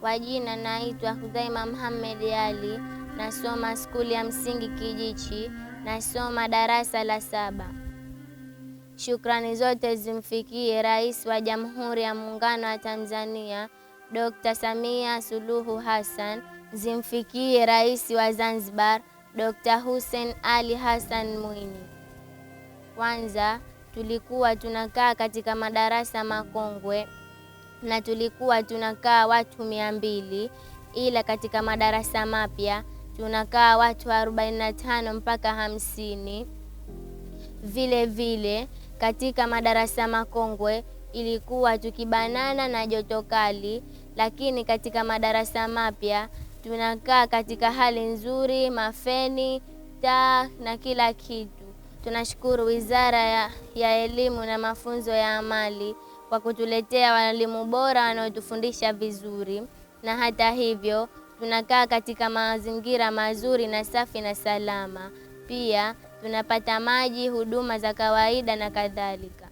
Kwa jina naitwa Hudhaima Muhammad Ali, nasoma skuli ya msingi Kijichi, nasoma darasa la saba. Shukrani zote zimfikie Rais wa Jamhuri ya Muungano wa Tanzania Dr. Samia Suluhu Hassan, zimfikie Rais wa Zanzibar Dr. Hussein Ali Hassan Mwinyi. Kwanza tulikuwa tunakaa katika madarasa makongwe na tulikuwa tunakaa watu mia mbili ila katika madarasa mapya tunakaa watu 45 mpaka hamsini. Vile vile katika madarasa makongwe ilikuwa tukibanana na joto kali, lakini katika madarasa mapya tunakaa katika hali nzuri, mafeni, taa na kila kitu. Tunashukuru Wizara ya, ya Elimu na Mafunzo ya Amali kwa kutuletea walimu bora wanaotufundisha vizuri, na hata hivyo tunakaa katika mazingira mazuri na safi na salama. Pia tunapata maji, huduma za kawaida na kadhalika.